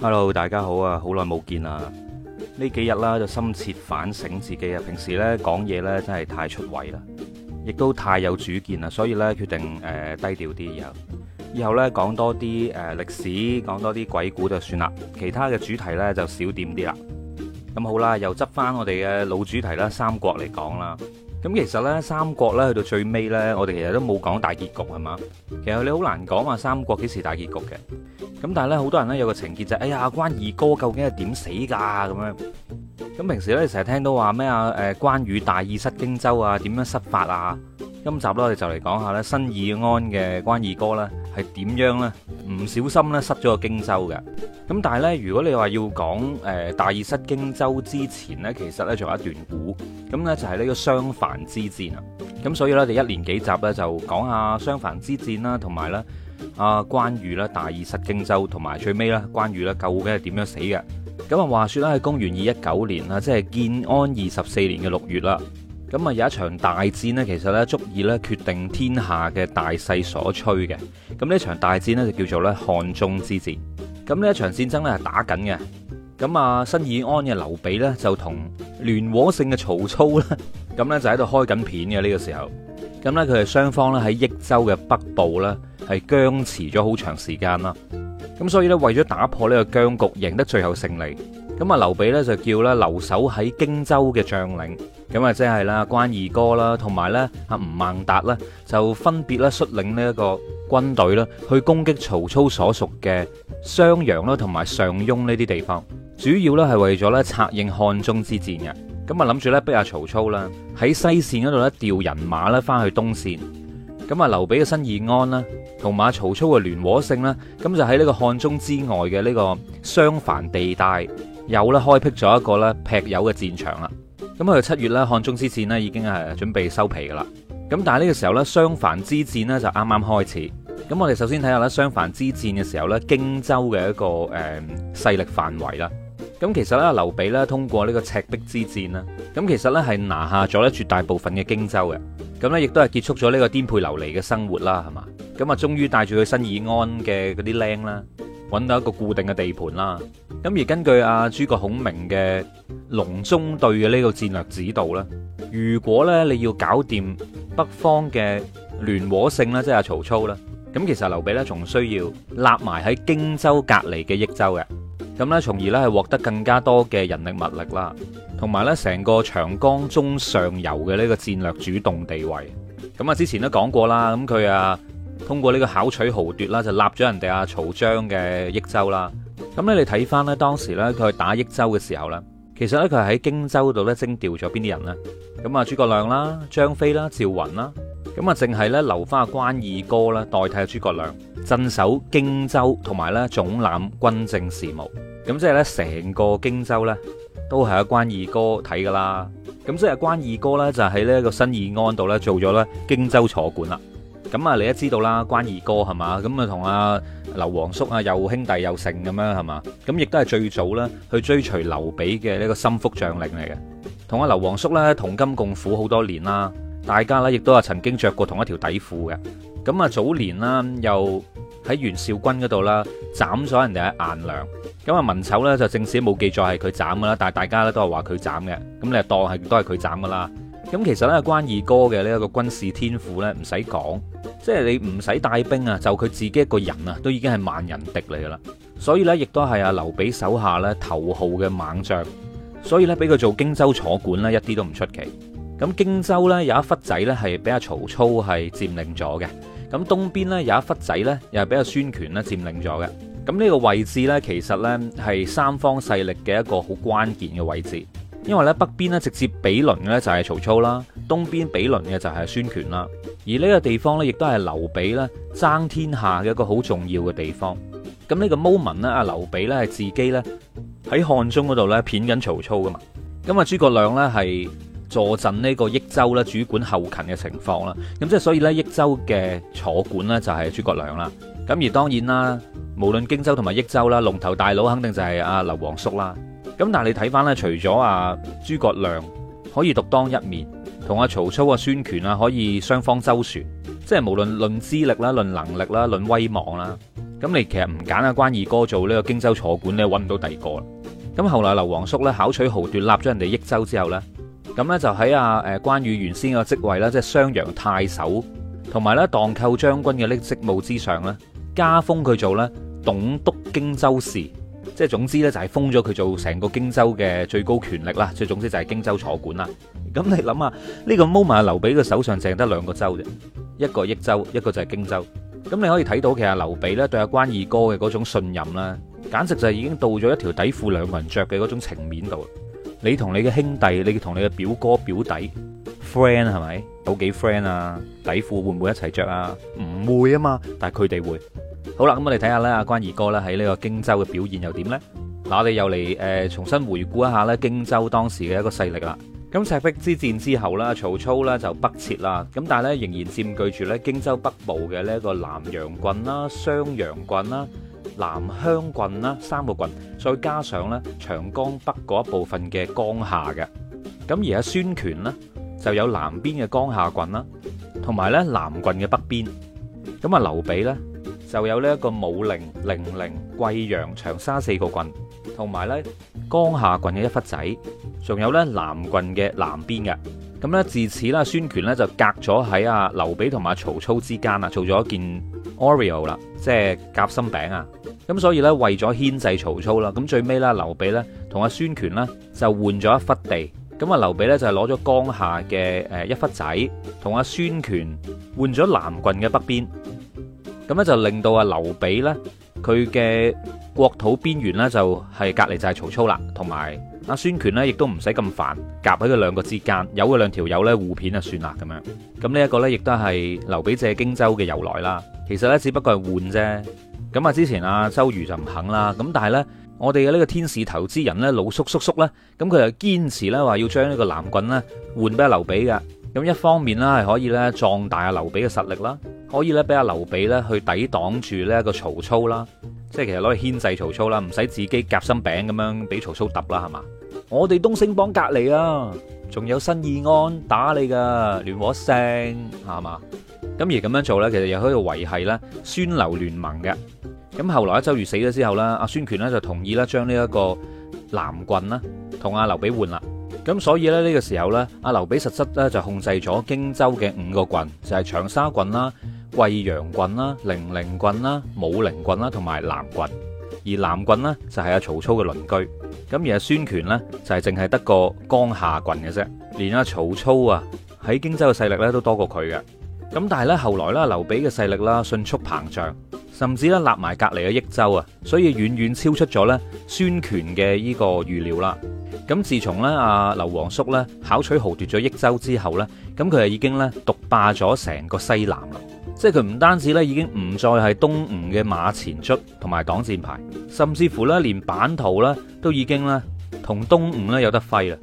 hello，大家好啊，好耐冇見啦。呢幾日啦，就深切反省自己啊。平時咧講嘢咧真係太出位啦，亦都太有主見啦，所以咧決定誒低調啲，以後以後咧講多啲誒歷史，講多啲鬼故就算啦，其他嘅主題咧就少掂啲啦。咁好啦，又執翻我哋嘅老主題啦，三國嚟講啦。咁其實呢，三國呢去到最尾呢，我哋其實都冇講大結局係嘛。其實你好難講話三國幾時大結局嘅。咁但係呢，好多人呢有個情結就係，哎呀，關二哥究竟係點死㗎咁樣？咁平時呢成日聽到話咩啊？誒，關羽大意失荊州啊，點樣失法啊？今集呢我哋就嚟講下呢，新義安嘅關二哥呢係點樣呢？唔小心咧，失咗個荊州嘅。咁但係咧，如果你話要講誒、呃，大意失荊州之前呢，其實呢仲有一段古。咁呢就係呢個襄樊之戰啊。咁所以呢，我哋一連幾集呢就講下襄樊之戰啦，同埋咧阿關羽咧大意失荊州，同埋最尾咧關羽咧究竟係點樣死嘅？咁啊，話說咧，喺公元二一九年啦，即係建安二十四年嘅六月啦。咁啊有一場大戰咧，其實咧足以咧決定天下嘅大勢所趨嘅。咁呢場大戰咧就叫做咧漢中之戰。咁呢一場戰爭咧係打緊嘅。咁啊新義安嘅劉備呢，就同聯和勝嘅曹操呢，咁呢就喺度開緊片嘅呢個時候。咁呢，佢哋雙方咧喺益州嘅北部呢，係僵持咗好長時間啦。咁所以呢，為咗打破呢個僵局，贏得最後勝利。咁啊！劉備呢就叫咧留守喺荊州嘅將領，咁啊，即係啦關二哥啦，同埋咧阿吳孟達咧，就分別咧率領呢一個軍隊啦去攻擊曹操所屬嘅襄陽啦，同埋上庸呢啲地方。主要咧係為咗咧策應漢中之戰嘅。咁啊，諗住咧逼阿曹操啦喺西線嗰度咧調人馬咧翻去東線。咁啊，劉備嘅新義安啦，同埋曹操嘅聯和性啦咁就喺呢個漢中之外嘅呢個襄樊地帶。又啦，開闢咗一個咧劈友嘅戰場啦。咁喺七月咧，漢中之戰咧已經係準備收皮噶啦。咁但係呢個時候呢，襄樊之戰呢就啱啱開始。咁我哋首先睇下咧襄樊之戰嘅時候呢，荊州嘅一個誒、嗯、勢力範圍啦。咁其實呢，劉備呢通過呢個赤壁之戰啦，咁其實呢係拿下咗呢絕大部分嘅荊州嘅。咁呢亦都係結束咗呢個顛沛流離嘅生活啦，係嘛？咁啊，終於帶住佢新義安嘅嗰啲靚啦。搵到一個固定嘅地盤啦，咁而根據阿諸葛孔明嘅隆中對嘅呢個戰略指導咧，如果咧你要搞掂北方嘅聯和性咧，即係阿曹操咧，咁其實劉備咧仲需要立埋喺荊州隔離嘅益州嘅，咁咧從而咧係獲得更加多嘅人力物力啦，同埋咧成個長江中上游嘅呢個戰略主動地位。咁啊之前都講過啦，咁佢啊。通過呢個巧取豪奪啦，就立咗人哋阿曹彰嘅益州啦。咁咧，你睇翻咧，當時咧佢打益州嘅時候咧，其實咧佢係喺荊州度咧徵調咗邊啲人呢？咁啊，諸葛亮啦、張飛啦、趙雲啦，咁啊淨係咧留翻阿關二哥啦，代替阿諸葛亮鎮守荊州，同埋咧總攬軍政事務。咁即係咧，成個荊州咧都係阿關二哥睇噶啦。咁即係阿關二哥咧就喺呢個新義安度咧做咗咧荊州坐館啦。咁啊，你都知道啦，關二哥係嘛，咁啊同阿劉皇叔啊，又兄弟又成咁樣係嘛，咁亦都係最早呢去追隨劉備嘅呢個心腹將領嚟嘅，同阿劉皇叔咧同甘共苦好多年啦，大家咧亦都係曾經着過同一條底褲嘅，咁啊早年啦又喺袁紹軍嗰度啦斬咗人哋嘅顏良，咁啊文醜咧就正史冇記載係佢斬噶啦，但係大家咧都係話佢斬嘅，咁你當係都係佢斬噶啦。咁其實呢，關二哥嘅呢一個軍事天賦呢，唔使講，即係你唔使帶兵啊，就佢自己一個人啊，都已經係萬人敵嚟噶啦。所以呢，亦都係阿劉備手下呢頭號嘅猛將，所以呢，俾佢做荊州坐館呢，一啲都唔出奇。咁荊州呢，有一忽仔呢，係俾阿曹操係佔領咗嘅，咁東邊呢，有一忽仔呢，又係俾阿孫權呢佔領咗嘅。咁呢個位置呢，其實呢，係三方勢力嘅一個好關鍵嘅位置。因為咧北邊咧直接比鄰嘅咧就係曹操啦，東邊比鄰嘅就係孫權啦，而呢個地方咧亦都係劉備咧爭天下嘅一個好重要嘅地方。咁、這、呢個 moment 咧，阿劉備咧係自己咧喺漢中嗰度咧騙緊曹操噶嘛。咁啊諸葛亮咧係坐鎮呢個益州咧主管後勤嘅情況啦。咁即係所以咧益州嘅坐館咧就係諸葛亮啦。咁而當然啦，無論荊州同埋益州啦，龍頭大佬肯定就係阿劉皇叔啦。咁但係你睇翻咧，除咗阿諸葛亮可以獨當一面，同阿曹操、阿孫權啊可以雙方周旋，即係無論論資歷啦、論能力啦、論威望啦，咁你其實唔揀阿關二哥做呢個荊州坐館咧，揾唔到第二個。咁後來劉皇叔咧考取豪奪，立咗人哋益州之後咧，咁咧就喺阿誒關羽原先嘅職位啦，即係襄陽太守同埋咧蕩寇將軍嘅呢職務之上咧，加封佢做咧董督荊州事。即係總之咧，就係封咗佢做成個荊州嘅最高權力啦。即總之就係荊州坐館啦。咁你諗下，呢個 moment 啊，劉備嘅手上淨得兩個州啫，一個益州，一個就係荊州。咁你可以睇到，其實劉備咧對阿關二哥嘅嗰種信任啦，簡直就係已經到咗一條底褲兩個人着嘅嗰種情面度。你同你嘅兄弟，你同你嘅表哥表弟 friend 係咪？有幾 friend 啊？底褲會唔會一齊着啊？唔會啊嘛，但係佢哋會。好啦，咁我哋睇下咧，阿關二哥咧喺呢個荊州嘅表現又點呢？嗱，我哋又嚟，誒重新回顧一下咧荊州當時嘅一個勢力啦。咁赤壁之戰之後啦，曹操呢就北撤啦，咁但係咧仍然佔據住咧荊州北部嘅呢一個南陽郡啦、襄陽郡啦、南鄉郡啦三個郡，再加上咧長江北嗰一部分嘅江夏嘅。咁而阿孫權呢，就有南邊嘅江夏郡啦，同埋咧南郡嘅北邊。咁啊，劉備咧。就有呢一個武陵、零陵、貴陽、長沙四個郡，同埋咧江夏郡嘅一忽仔，仲有咧南郡嘅南邊嘅。咁咧自此啦，孫權咧就隔咗喺阿劉備同埋曹操之間啊，做咗件 Oreo 啦，即係夾心餅啊。咁所以咧為咗牽制曹操啦，咁最尾啦，劉備咧同阿孫權呢就換咗一忽地。咁啊，劉備咧就係攞咗江夏嘅誒一忽仔，同阿孫權換咗南郡嘅北邊。咁咧，就令到阿劉備呢佢嘅國土邊緣呢，就係隔籬就係曹操啦，同埋阿孫權呢亦都唔使咁煩夾喺佢兩個之間，有佢兩條友呢，互片就算啦咁樣。咁呢一個呢，亦都係劉備借荊州嘅由來啦。其實呢，只不過係換啫。咁啊之前啊，周瑜就唔肯啦。咁但係呢，我哋嘅呢個天使投資人呢，老叔叔叔啦，咁佢就堅持呢，話要將呢個南郡呢換俾阿劉備嘅。咁一方面呢，係可以呢壯大阿劉備嘅實力啦。可以咧，俾阿劉備咧去抵擋住呢一個曹操啦，即係其實攞去牽制曹操啦，唔使自己夾心餅咁樣俾曹操揼啦，係嘛？我哋東星幫隔籬啊，仲有新義安打你噶，聯和勝係嘛？咁而咁樣做咧，其實又喺度維繫咧孫劉聯盟嘅。咁後來阿周瑜死咗之後咧，阿孫權咧就同意咧將呢一個南郡啦，同阿劉備換啦。咁所以咧呢個時候咧，阿劉備實質咧就控制咗荊州嘅五個郡，就係、是、長沙郡啦。桂陽郡啦、零陵郡啦、武陵郡啦，同埋南郡。而南郡呢，就係阿曹操嘅鄰居。咁而阿孫權呢，就係淨係得個江夏郡嘅啫。連阿曹操啊喺荊州嘅勢力咧都多過佢嘅。咁但係呢，後來呢，劉備嘅勢力啦迅速膨脹，甚至呢，立埋隔籬嘅益州啊，所以遠遠超出咗呢孫權嘅呢個預料啦。咁自從呢，阿劉皇叔呢，巧取豪奪咗益州之後呢，咁佢就已經呢，獨霸咗成個西南啦。即係佢唔單止咧，已經唔再係東吳嘅馬前卒同埋擋箭牌，甚至乎咧，連版圖咧都已經咧同東吳咧有得揮啦，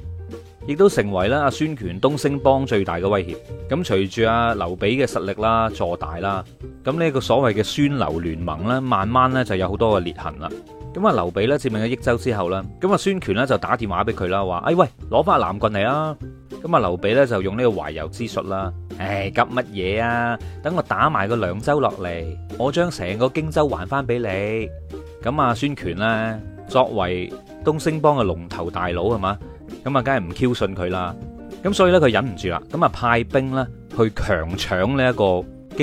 亦都成為咧阿孫權東升幫最大嘅威脅。咁隨住阿劉備嘅實力啦坐大啦，咁、這、呢個所謂嘅孫劉聯盟咧，慢慢咧就有好多嘅裂痕啦。咁啊，劉備咧佔領咗益州之後啦，咁啊，孫權咧就打電話俾佢啦，話：哎喂，攞翻南郡嚟啊！咁啊，劉備咧就用呢個懷柔之術啦，唉，急乜嘢啊？等我打埋個涼州落嚟，我將成個荊州還翻俾你。咁啊，孫權咧作為東星幫嘅龍頭大佬係嘛，咁啊，梗係唔肯信佢啦。咁所以咧，佢忍唔住啦，咁啊，派兵咧去強搶呢一個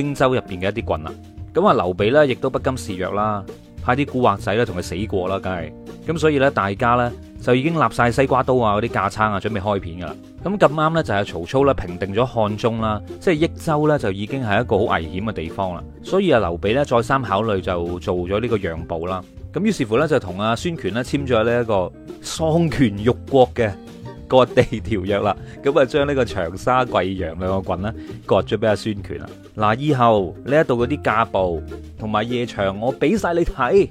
荊州入邊嘅一啲郡啊。咁啊，劉備咧亦都不甘示弱啦。派啲古惑仔咧同佢死過啦，梗係咁，所以呢，大家呢，就已經立晒西瓜刀啊嗰啲架撐啊，準備開片噶啦。咁咁啱呢，就係曹操呢，平定咗漢中啦，即係益州呢，就已經係一個好危險嘅地方啦。所以啊，劉備呢，再三考慮就做咗呢個讓步啦。咁於是乎呢，就同啊孫權呢，簽咗呢一個喪權辱國嘅割地條約啦，咁啊將呢個長沙、貴陽兩個郡咧割咗俾阿孫權啦。嗱，以後呢一度嗰啲家暴同埋夜場我，我俾晒你睇。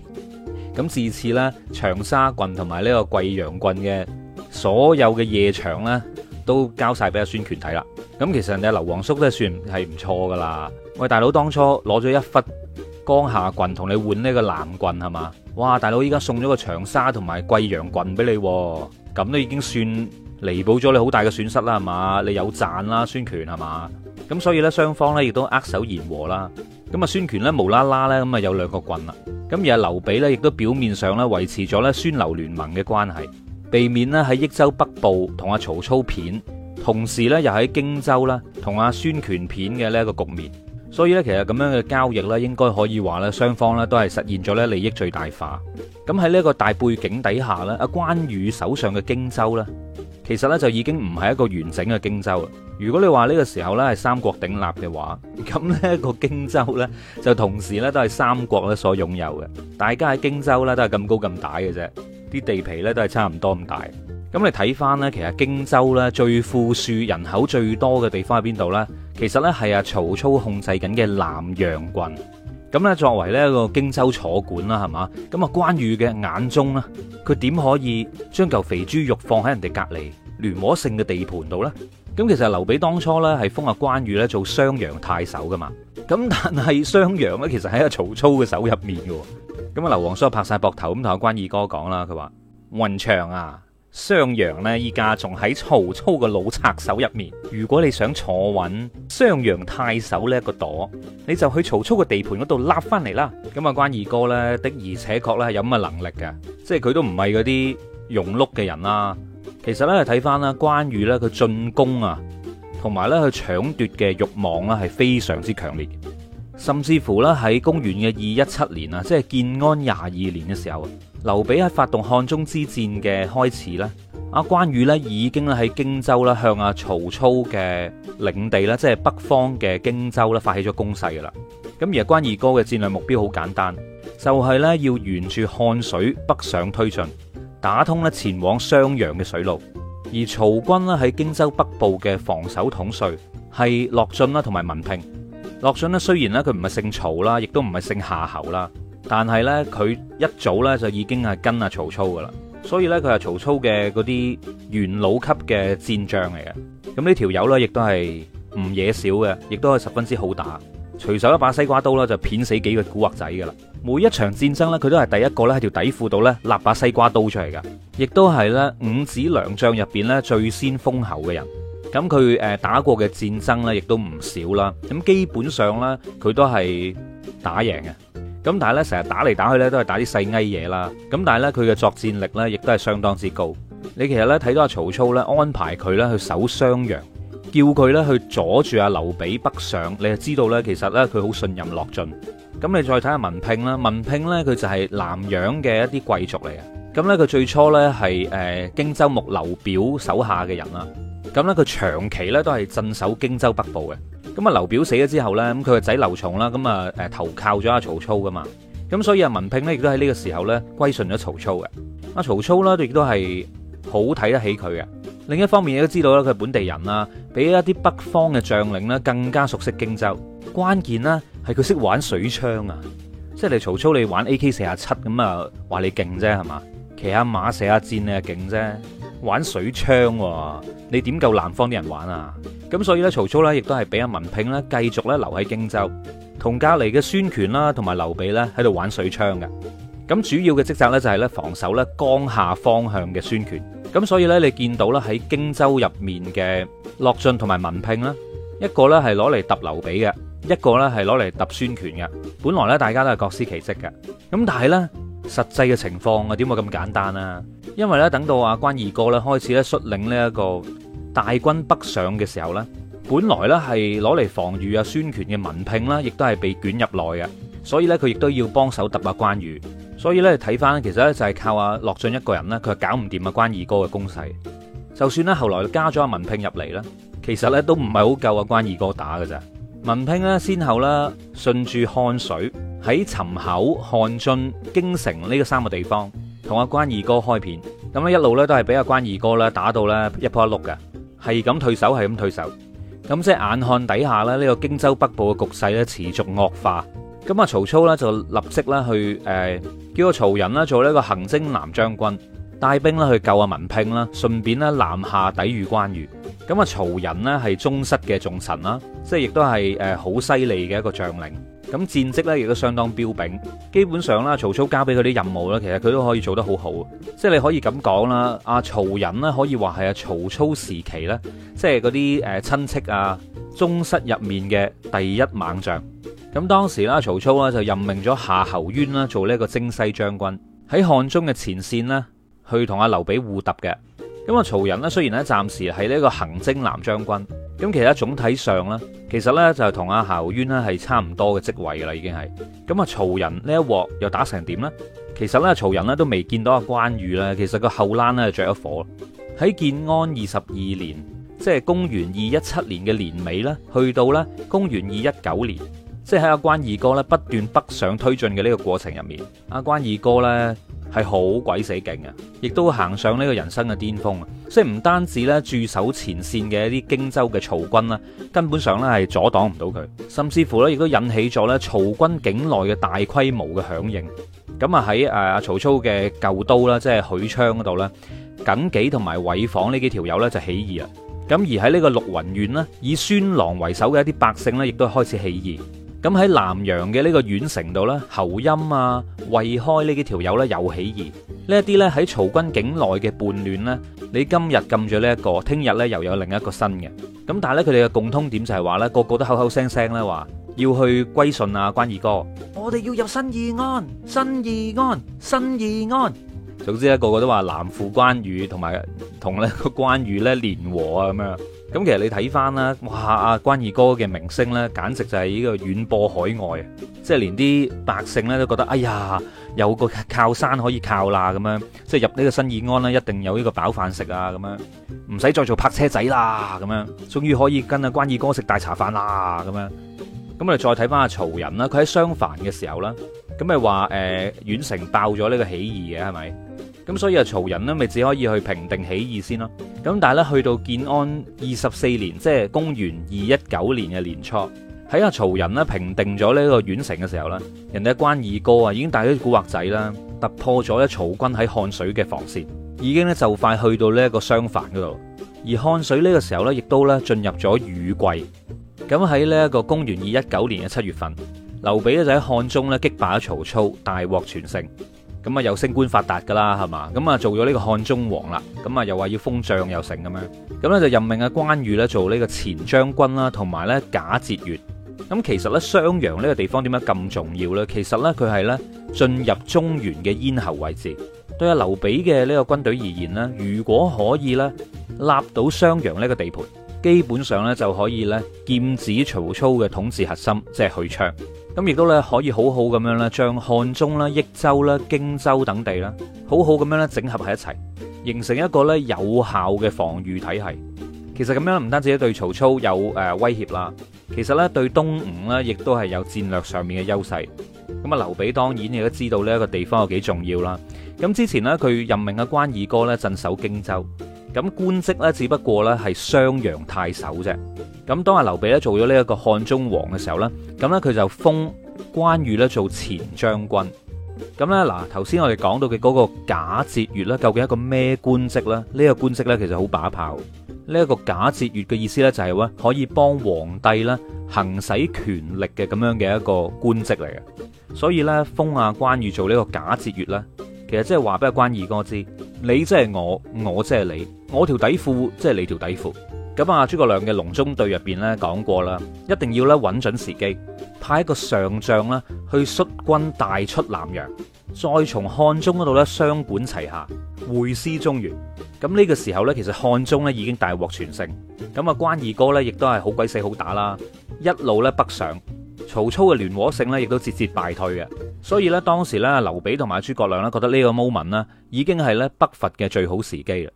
咁自此呢，長沙郡同埋呢個貴陽郡嘅所有嘅夜場呢，都交晒俾阿孫權睇啦。咁其實你劉皇叔都係算係唔錯噶啦。喂，大佬當初攞咗一忽江夏郡同你換呢個南郡係嘛？哇，大佬依家送咗個長沙同埋貴陽郡俾你，咁都已經算。彌補咗你好大嘅損失啦，係嘛？你有賺啦，孫權係嘛？咁所以呢，雙方呢亦都握手言和啦。咁啊，孫權呢，無啦啦呢，咁啊有兩個棍啦。咁而阿劉備呢，亦都表面上呢維持咗呢孫劉聯盟嘅關係，避免呢喺益州北部同阿曹操片，同時呢又喺荊州啦同阿孫權片嘅呢一個局面。所以呢，其實咁樣嘅交易呢，應該可以話呢，雙方呢都係實現咗呢利益最大化。咁喺呢一個大背景底下呢，阿關羽手上嘅荊州呢。其實呢，就已經唔係一個完整嘅荊州啦。如果你話呢個時候呢係三國鼎立嘅話，咁呢個荊州呢，就同時呢都係三國呢所擁有嘅。大家喺荊州呢都係咁高咁大嘅啫，啲地皮呢都係差唔多咁大。咁你睇翻呢，其實荊州呢最富庶、人口最多嘅地方喺邊度呢？其實呢係呀，曹操控制緊嘅南陽郡。咁咧，作為咧個荊州坐館啦，係嘛？咁啊，關羽嘅眼中咧，佢點可以將嚿肥豬肉放喺人哋隔離聯和勝嘅地盤度咧？咁其實劉備當初咧係封阿關羽咧做襄陽太守噶嘛。咁但係襄陽咧，其實係一個曹操嘅手入面嘅。咁啊，劉皇叔拍晒膊頭咁同阿關二哥講啦，佢話雲長啊！襄陽呢，依家仲喺曹操嘅老賊手入面。如果你想坐穩襄陽太守呢一個朵，你就去曹操嘅地盤嗰度立翻嚟啦。咁啊，關二哥呢的而且確咧係有咁嘅能力嘅，即係佢都唔係嗰啲庸碌嘅人啦。其實呢睇，翻啦，關羽呢，佢進攻啊，同埋呢，佢搶奪嘅欲望啊，係非常之強烈。甚至乎咧，喺公元嘅二一七年啊，即係建安廿二年嘅時候，劉備喺發動漢中之戰嘅開始咧，阿關羽咧已經咧喺荊州啦，向阿曹操嘅領地咧，即係北方嘅荊州咧發起咗攻勢噶啦。咁而阿關二哥嘅戰略目標好簡單，就係、是、咧要沿住漢水北上推進，打通咧前往襄陽嘅水路，而曹軍咧喺荊州北部嘅防守統帥係樂進啦同埋文聘。樂進呢，雖然咧佢唔係姓曹啦，亦都唔係姓夏侯啦，但係呢，佢一早呢就已經係跟阿曹操噶啦，所以呢，佢係曹操嘅嗰啲元老級嘅戰將嚟嘅。咁呢條友呢，亦都係唔惹少嘅，亦都係十分之好打，隨手一把西瓜刀呢，就片死幾個古惑仔噶啦。每一場戰爭呢，佢都係第一個咧喺條底褲度呢立把西瓜刀出嚟噶，亦都係呢五子良將入邊呢最先封侯嘅人。咁佢誒打過嘅戰爭咧，亦都唔少啦。咁基本上咧，佢都係打贏嘅。咁但係咧，成日打嚟打去咧，都係打啲細蟻嘢啦。咁但係咧，佢嘅作戰力咧，亦都係相當之高。你其實咧睇到阿曹操咧安排佢咧去守襄陽，叫佢咧去阻住阿劉備北上，你就知道咧其實咧佢好信任樂進。咁你再睇下文聘啦，文聘咧佢就係南陽嘅一啲貴族嚟嘅。咁咧佢最初咧係誒荊州牧劉表手下嘅人啦。咁咧，佢長期咧都係鎮守荊州北部嘅。咁啊，劉表死咗之後咧，咁佢個仔劉琮啦，咁啊誒投靠咗阿曹操噶嘛。咁所以阿文聘呢，亦都喺呢個時候咧歸順咗曹操嘅。阿曹操咧，亦都係好睇得起佢嘅。另一方面，亦都知道啦，佢係本地人啦，比一啲北方嘅將領咧更加熟悉荊州。關鍵啦，係佢識玩水槍啊，即係你曹操你玩 A K 四啊七咁啊，話你勁啫係嘛，騎下馬射下箭你係勁啫。玩水槍，啊，你點夠南方啲人玩啊？咁所以呢，曹操呢亦都係俾阿文聘呢繼續咧留喺荊州，同隔籬嘅孫權啦，同埋劉備呢喺度玩水槍嘅。咁主要嘅職責呢，就係呢防守呢江下方向嘅孫權。咁所以呢，你見到呢喺荊州入面嘅樂進同埋文聘啦，一個呢係攞嚟揼劉備嘅，一個呢係攞嚟揼孫權嘅。本來呢，大家都係各司其職嘅。咁但係呢，實際嘅情況啊，點會咁簡單啊？因為咧，等到阿關二哥咧開始咧率領呢一個大軍北上嘅時候咧，本來咧係攞嚟防御阿孫權嘅文聘啦，亦都係被捲入內嘅，所以咧佢亦都要幫手揼阿關羽。所以咧睇翻，其實咧就係靠阿樂進一個人咧，佢係搞唔掂阿關二哥嘅攻勢。就算咧後來加咗阿文聘入嚟咧，其實咧都唔係好夠阿關二哥打嘅咋。文聘呢？先後咧順住漢水喺尋口、漢津、京城呢個三個地方。同阿關二哥開片，咁咧一路咧都係俾阿關二哥咧打到咧一仆一碌嘅，係咁退守，係咁退守，咁即係眼看底下咧呢、這個荊州北部嘅局勢咧持續惡化，咁啊曹操呢就立即咧去誒、呃、叫個曹仁做呢個行征南將軍，帶兵去救阿文聘啦，順便咧南下抵禦關羽。咁啊曹仁呢係宗室嘅重臣啦，即係亦都係誒好犀利嘅一個將領。咁戰績咧亦都相當彪炳，基本上啦，曹操交俾佢啲任務咧，其實佢都可以做得好好，即係你可以咁講啦。阿曹仁呢可以話係阿曹操時期咧，即係嗰啲誒親戚啊、宗室入面嘅第一猛將。咁當時啦，曹操呢就任命咗夏侯淵啦做呢個征西將軍，喺漢中嘅前線呢去同阿劉備互揼嘅。咁阿曹仁呢，雖然呢暫時係呢一個行征南將軍。咁其實總體上呢，其實呢就係同阿夏侯淵呢係差唔多嘅職位噶啦，已經係咁啊。曹仁呢一鑊又打成點呢？其實呢曹仁呢都未見到阿關羽呢。其實個後欄呢就着咗火，喺建安二十二年，即係公元二一七年嘅年尾呢，去到呢公元二一九年，即係喺阿關二哥呢不斷北上推進嘅呢個過程入面，阿關二哥呢。係好鬼死勁嘅，亦都行上呢個人生嘅巔峰。啊！即係唔單止呢駐守前線嘅一啲荊州嘅曹軍啦，根本上呢係阻擋唔到佢，甚至乎呢亦都引起咗曹軍境內嘅大規模嘅響應。咁啊喺誒曹操嘅舊都啦，即係許昌嗰度咧，耿紀同埋韋防呢幾條友呢就起義啦。咁而喺呢個六雲縣咧，以孫郎為首嘅一啲百姓呢亦都開始起義。咁喺南陽嘅呢個縣城度呢侯音啊、衛開呢幾條友呢，又起義，呢一啲呢喺曹軍境內嘅叛亂呢，你今日禁咗呢一個，聽日呢又有另一個新嘅。咁但係呢，佢哋嘅共通點就係話呢個個都口口聲聲呢話要去歸順啊關二哥，我哋要入新義安、新義安、新義安。總之呢個個都話南附關羽，同埋同呢個關羽呢連和啊咁樣。咁其實你睇翻啦，哇！阿關二哥嘅名聲呢，簡直就係呢個遠播海外啊！即係連啲百姓呢都覺得，哎呀，有個靠山可以靠啦，咁樣即係入呢個新義安啦，一定有呢個飽飯食啊！咁樣唔使再做泊車仔啦，咁樣終於可以跟阿關二哥食大茶飯啦，咁樣。咁我哋再睇翻阿曹仁啦，佢喺襄樊嘅時候啦，咁咪話誒，宛、呃、城爆咗呢個起義嘅係咪？咁所以啊，曹仁咧，咪只可以去平定起義先咯。咁但係咧，去到建安二十四年，即係公元二一九年嘅年初，喺阿曹仁平定咗呢個宛城嘅時候，呢人哋關二哥啊已經帶咗啲古惑仔啦，突破咗咧曹軍喺漢水嘅防線，已經咧就快去到呢一個襄樊嗰度。而漢水呢個時候呢，亦都咧進入咗雨季。咁喺呢一個公元二一九年嘅七月份，劉備呢就喺漢中咧擊敗曹操，大獲全勝。咁啊，又升官發達噶啦，係嘛？咁啊，做咗呢個漢中王啦。咁啊，又話要封將又成咁樣。咁咧就任命阿關羽咧做呢個前將軍啦，同埋咧假節月。咁其實咧，襄陽呢個地方點解咁重要呢？其實咧，佢係咧進入中原嘅咽喉位置。對阿劉備嘅呢個軍隊而言呢，如果可以咧立到襄陽呢個地盤，基本上咧就可以咧劍指曹操嘅統治核心，即係許昌。咁亦都咧可以好好咁樣咧，將漢中啦、益州啦、荊州等地啦，好好咁樣咧整合喺一齊，形成一個咧有效嘅防禦體系。其實咁樣唔單止咧對曹操有誒威脅啦，其實咧對東吳咧亦都係有戰略上面嘅優勢。咁啊，劉備當然亦都知道呢一個地方有幾重要啦。咁之前咧，佢任命嘅關二哥咧鎮守荊州。咁官職咧，只不過咧係襄陽太守啫。咁當阿劉備咧做咗呢一個漢中王嘅時候咧，咁咧佢就封關羽咧做前將軍。咁咧嗱，頭先我哋講到嘅嗰個假節鉞咧，究竟係一個咩官職咧？呢個官職咧其實好把炮。呢一個假節鉞嘅意思咧就係可以幫皇帝咧行使權力嘅咁樣嘅一個官職嚟嘅。所以咧封阿關羽做呢個假節鉞咧，其實即係話俾阿關二哥知，你即係我，我即係你。我條底褲即係你條底褲，咁啊，諸葛亮嘅隆中對入邊呢講過啦，一定要呢揾準時機，派一個上將呢去率軍大出南陽，再從漢中嗰度呢雙管齊下，會師中原。咁、這、呢個時候呢，其實漢中呢已經大獲全勝，咁啊關二哥呢，亦都係好鬼死好打啦，一路呢北上，曹操嘅聯和性呢，亦都節節敗退嘅，所以呢，當時呢，劉備同埋諸葛亮呢覺得呢個 moment 呢，已經係呢北伐嘅最好時機啦。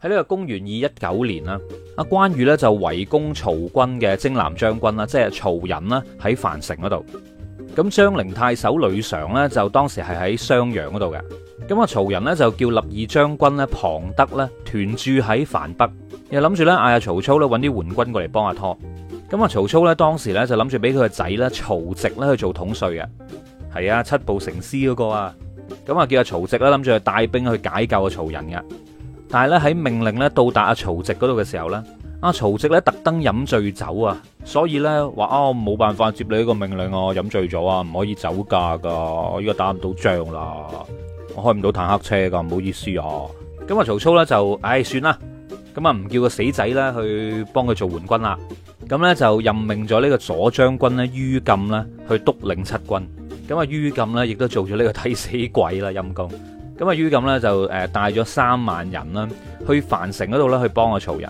喺呢個公元二一九年啦，阿關羽呢就圍攻曹軍嘅征南將軍啦，即係曹仁啦，喺樊城嗰度。咁張陵太守呂常呢，就當時係喺襄陽嗰度嘅。咁啊，曹仁呢就叫立義將軍咧龐德咧屯駐喺樊北，又諗住咧嗌阿曹操咧搵啲援軍過嚟幫阿拖。咁啊，曹操咧當時咧就諗住俾佢個仔咧曹植咧去做統帥嘅，係啊七步成詩嗰個啊。咁啊叫阿曹植咧諗住去帶兵去解救阿曹仁嘅。但係咧喺命令咧到達阿曹植嗰度嘅時候咧，阿曹植咧特登飲醉酒啊，所以咧話啊，我冇辦法接你呢個命令，我飲醉咗啊，唔可以酒駕噶，我依家打唔到仗啦，我開唔到坦克車噶，唔好意思啊。咁啊曹操咧就唉、哎、算啦，咁啊唔叫個死仔咧去幫佢做援軍啦。咁咧就任命咗呢個左將軍咧于禁咧去督領七軍。咁啊于禁咧亦都做咗呢個替死鬼啦，陰公。咁啊于禁咧就誒帶咗三萬人啦去樊城嗰度咧去幫我曹仁。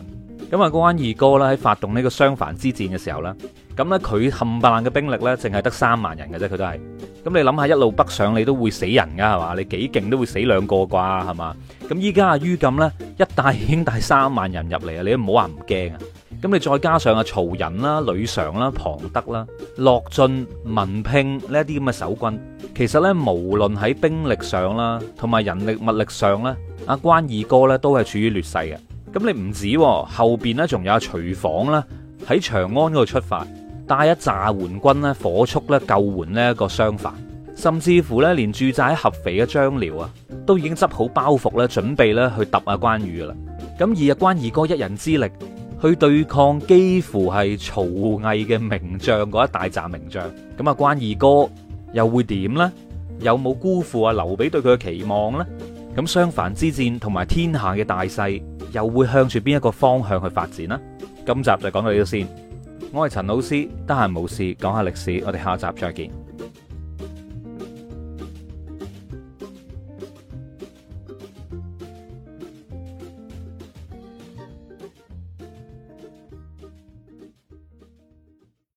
咁啊關二哥咧喺發動呢個襄樊之戰嘅時候咧，咁咧佢冚唪唥嘅兵力咧淨係得三萬人嘅啫，佢都係。咁你諗下一路北上你都會死人噶係嘛？你幾勁都會死兩個啩係嘛？咁依家阿于禁咧一帶兄弟三萬人入嚟啊！你都唔好話唔驚啊！咁你再加上阿曹仁啦、呂常啦、龐德啦、樂進、文聘呢啲咁嘅守軍，其實呢，無論喺兵力上啦，同埋人力物力上咧，阿關二哥呢都係處於劣勢嘅。咁你唔止，後面呢仲有啊，徐晃啦喺長安嗰度出發，帶一紮援軍呢，火速咧救援呢一個襄樊，甚至乎呢連駐紮喺合肥嘅張遼啊，都已經執好包袱咧，準備咧去揼阿關羽啦。咁而阿關二哥一人之力。去對抗幾乎係曹魏嘅名將嗰一大紮名將，咁啊關二哥又會點呢？有冇辜負啊劉備對佢嘅期望呢？咁襄樊之戰同埋天下嘅大勢又會向住邊一個方向去發展呢？今集就講到呢度先，我係陳老師，得閒冇事講下歷史，我哋下集再見。